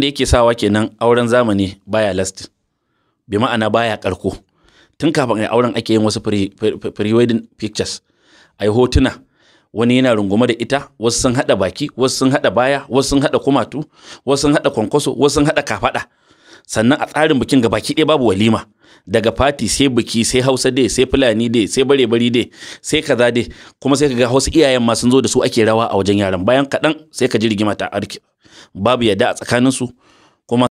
da yake sawa kenan auren zamani baya last bi ma'ana baya karko tun kafin ai auren ake yin wasu pre-wedding pictures ai hotuna wani yana rungume da ita wasu sun hada baki wasu sun hada baya wasu sun hada kumatu wasu sun hada kwankwaso wasu sun hada kafada sannan a tsarin bikin ga baki ɗaya babu walima daga fati sai biki sai hausa dai sai fulani dai sai bare bari dai sai kaza dai kuma sai kaga hausa iyayen ma sun zo da su ake rawa a wajen yaran bayan kaɗan sai ka ji rigima ta arki babu yadda a tsakaninsu